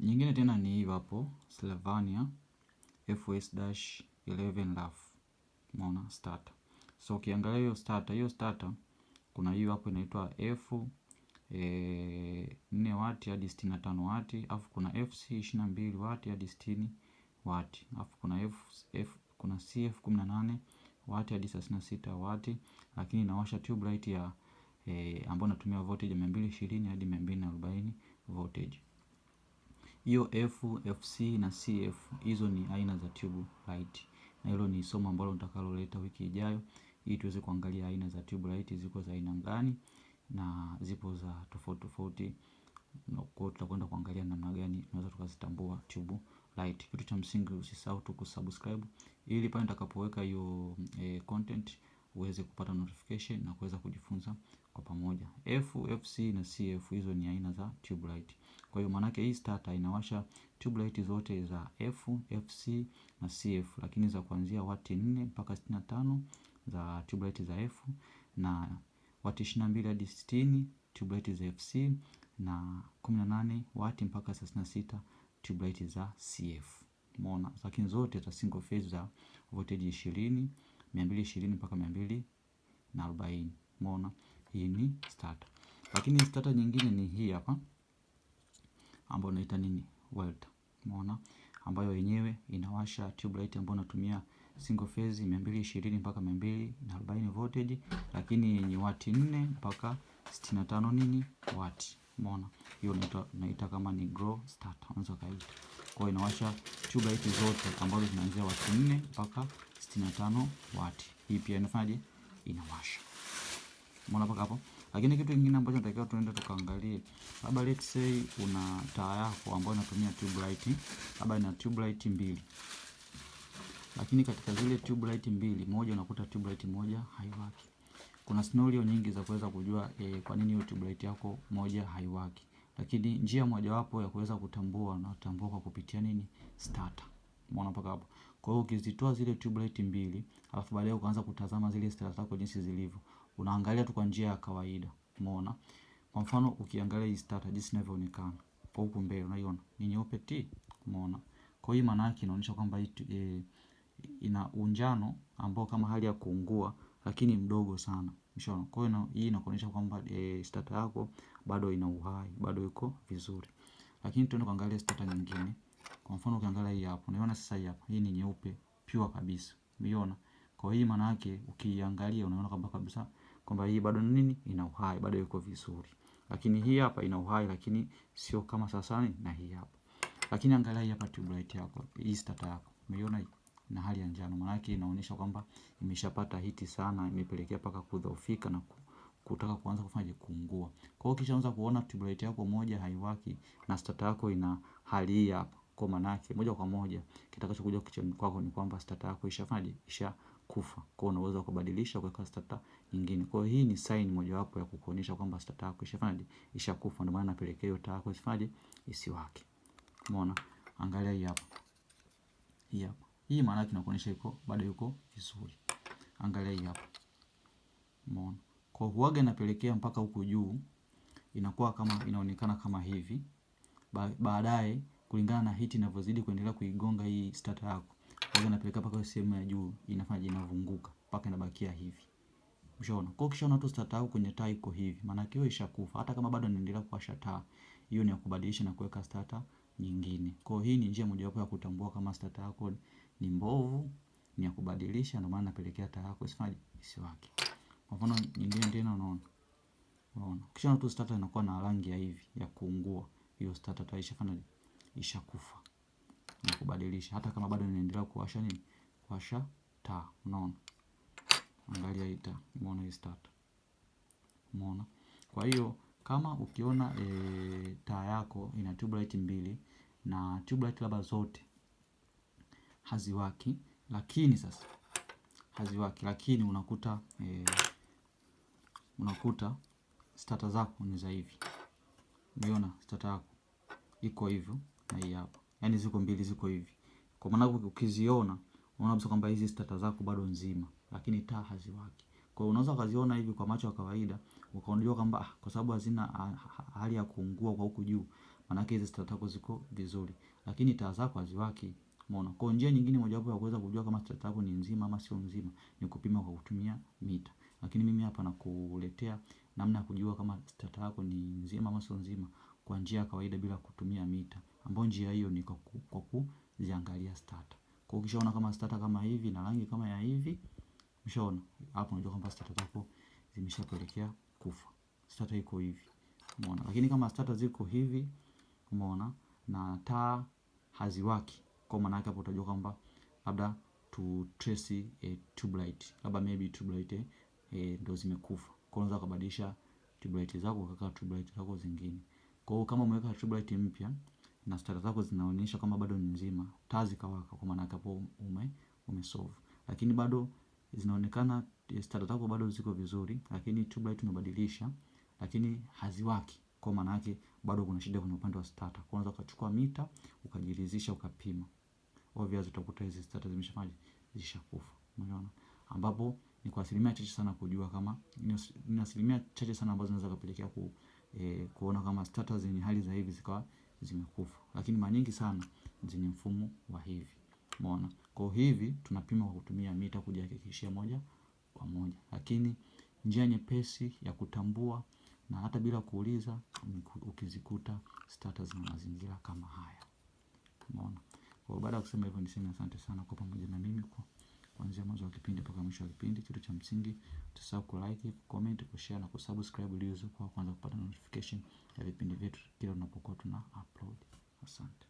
Nyingine tena ni hii hapo, Slovenia FS-11 RAF. Unaona starter. So ukiangalia hiyo starter, hiyo starter kuna hiyo hapo inaitwa F e, eh, 4 wati hadi 65 wati, afu kuna FC 22 wati hadi 60 wati, afu kuna F, F kuna CF 18 wati hadi 36 wati, lakini inawasha tube light ya e, ambayo inatumia voltage ya 220 hadi 240 voltage. Hiyo F, FC na CF hizo ni aina za tube light, na hilo ni somo ambalo nitakaloleta wiki ijayo, ili tuweze kuangalia aina za tube light ziko za aina gani na zipo za tofauti tofauti. Kwa tutakwenda kuangalia namna gani tunaweza tukazitambua tube light. Kitu cha msingi usisahau tu kusubscribe ili pale nitakapoweka hiyo e, content uweze kupata notification na kuweza kujifunza kwa pamoja. F, FC na CF hizo ni aina za tube light. Kwa hiyo maanake hii starter inawasha tube light zote za F, FC na CF, lakini za kuanzia wati 4 mpaka 65 za tube light za F na wati 22 hadi 60 tube light za FC na 18 wati mpaka 36 tube light za CF. Umeona? Lakini zote za single phase za voltage 20, 220 mpaka 240. Umeona? Hii ni starter. Lakini starter nyingine ni hii hapa ambayo inaita nini welder. Umeona? Ambayo yenyewe inawasha tube light ambayo natumia single phase 220 mpaka 240 voltage, lakini yenye wati 4 mpaka 65 nini wati. Umeona? Hiyo naita, naita kama ni grow starter unaweza kaita. Kwa hiyo inawasha tube light zote ambazo zinaanzia wati 4 mpaka 65 wati. Hii pia inafanyaje? Inawasha. Umeona mpaka hapo. Lakini kitu kingine ambacho natakiwa tuende tukaangalie, labda let's say una taa yako ambayo inatumia tube light, labda ina tube light mbili, lakini katika zile tube light mbili, moja unakuta tube light moja haiwaki. Kuna scenario nyingi za kuweza kujua e, kwa nini hiyo tube light yako moja haiwaki, lakini njia mojawapo ya kuweza kutambua na kutambua kwa kupitia nini starter. Umeona mpaka hapo. Kwa hiyo ukizitoa zile tube light mbili, alafu baadaye ukaanza kutazama zile starter zako jinsi zilivyo unaangalia tu kwa njia ya kawaida. Umeona? Kwa mfano ukiangalia hii starter jinsi inavyoonekana kwa huku mbele unaiona ni nyeupe ti. Umeona? Kwa hiyo maana yake inaonyesha kwamba hii e, ina unjano ambao kama hali ya kuungua lakini mdogo sana. Umeona? Kwa hiyo hii inakuonyesha kwamba e, eh, starter yako bado ina uhai, bado iko vizuri. Lakini tuende kuangalia starter nyingine. Kwa mfano ukiangalia hii hapo, unaiona sasa hii hapa. Hii ni nyeupe pure kabisa. Umeona? Kwa hiyo maana yake ukiangalia unaona kwamba kabisa kwamba hii bado nini ina uhai, bado iko vizuri. Lakini hii hapa ina uhai, lakini sio kama sasa na hii hapa. Lakini angalia hapa tube light yako, hii starter yako. Umeiona hii? Na hali ya njano, maana yake inaonyesha kwamba imeshapata hiti sana, imepelekea paka kudhoofika na kutaka kuanza kufanya kuungua. Kwa hiyo ukishaanza kuona tube light yako moja haiwaki na starter yako ina hali hii hapa. Kwa maana yake moja kwa moja kitakachokuja kichwani kwako ni kwamba starter yako ishafanya isha kufa. Kwa hiyo unaweza kubadilisha kuweka starter nyingine. Kwa hiyo hii ni sign mojawapo ya kukuonyesha kwamba starter yako ishafanyaje? Ishakufa. Ndio maana napelekea hiyo taa yako isifanyaje? Isiwake. Umeona? Angalia hii hapa. Hii hapa. Hii maana yake inakuonyesha iko bado yuko vizuri. Angalia hii hapa. Umeona? Kwa huaga inapelekea mpaka huku juu inakuwa kama inaonekana kama hivi. Ba, Baadaye kulingana na hiti inavyozidi kuendelea kuigonga hii starter yako kwa hiyo napeleka mpaka sehemu ya juu inafanya inavunguka mpaka inabakia hivi. Ushaona? Kwa kisha unatoa starter au kwenye taa iko hivi, maana yake hiyo ishakufa. Hata kama bado inaendelea kuwasha taa, hiyo ni ya kubadilisha na kuweka starter nyingine. Kwa hiyo hii ni njia mojawapo ya kutambua kama starter yako ni mbovu, ni ya kubadilisha ndio maana napelekea taa yako isifanye isiwake. Kwa mfano nyingine tena unaona. Unaona? Kisha unatoa starter inakuwa na rangi ya hivi ya kuungua. Hiyo starter tayari ishafanya ishakufa na kubadilisha, hata kama bado inaendelea kuwasha nini, kuwasha taa. Unaona, angalia hii taa, umeona hii start, umeona. Kwa hiyo kama ukiona e, taa yako ina tube light mbili na tube light labda zote haziwaki, lakini sasa haziwaki, lakini unakuta e, unakuta starter zako ni za hivi, umeona starter yako iko hivyo na hii hapa yani ziko mbili ziko hivi. Kwa maana ukiziona unaona kwamba hizi stata zako bado nzima, lakini taa haziwaki. Kwa hiyo unaweza ukaziona hivi kwa macho ya kawaida ukaondoa kwamba ah, kwa sababu hazina hali ya kuungua kwa huku juu, maana yake hizi stata zako ziko vizuri, lakini taa zako haziwaki. Umeona? Kwa njia nyingine mojawapo ya kuweza kujua kama stata yako ni nzima ama sio nzima ni kupima kwa kutumia mita. Lakini mimi hapa nakuletea namna ya kujua kama stata yako ni nzima ama sio nzima kwa njia ya kawaida bila kutumia mita ambao njia hiyo ni kwa kuziangalia stata Kwa ukishaona kama stata kama hivi na rangi kama ya hivi, ushaona hapo unajua kwamba stata zako zimeshapelekea kufa. stata iko hivi. Umeona? Lakini kama stata ziko hivi, umeona? Na taa haziwaki. Kwa maana yake hapo utajua kwamba labda tu trace a tube light. Labda maybe tube light eh, ndio zimekufa. Kwa hiyo unaweza kubadilisha tube light zako kaka tube light zako zingine. Kwa hiyo kama umeweka light mpya na stara zako zinaonyesha kama bado ni nzima, taa zikawaka kwa maana hapo ume umesolve. Lakini bado zinaonekana stara zako bado ziko vizuri, lakini light umebadilisha lakini haziwaki. Kwa maana yake bado kuna shida kwenye upande wa starter. Kwanza ukachukua mita, ukajiridhisha, ukapima. Obvious utakuta hizi starter zimeshafanyaje? Zishakufa. Unaona? Ambapo ni kwa asilimia chache sana kujua kama ni asilimia chache sana ambazo zinaweza kupelekea ku, e, kuona kama stata zenye hali za hivi zikawa zimekufa, lakini mara nyingi sana zenye mfumo wa hivi. Umeona? Kwa hivi tunapima kwa kutumia mita kujihakikishia moja kwa moja, lakini njia nyepesi ya kutambua na hata bila kuuliza ukizikuta stata za mazingira kama haya. Umeona? Kwa baada ya kusema hivyo, niseme asante sana kwa pamoja na mimi kwa kuanzia mwanzo wa kipindi mpaka mwisho wa kipindi. Kitu cha msingi, usisahau comment, ku share na subscribe ili uweze kuwa kwanza kupata notification ya vipindi vyetu kila tunapokuwa tuna upload. Asante.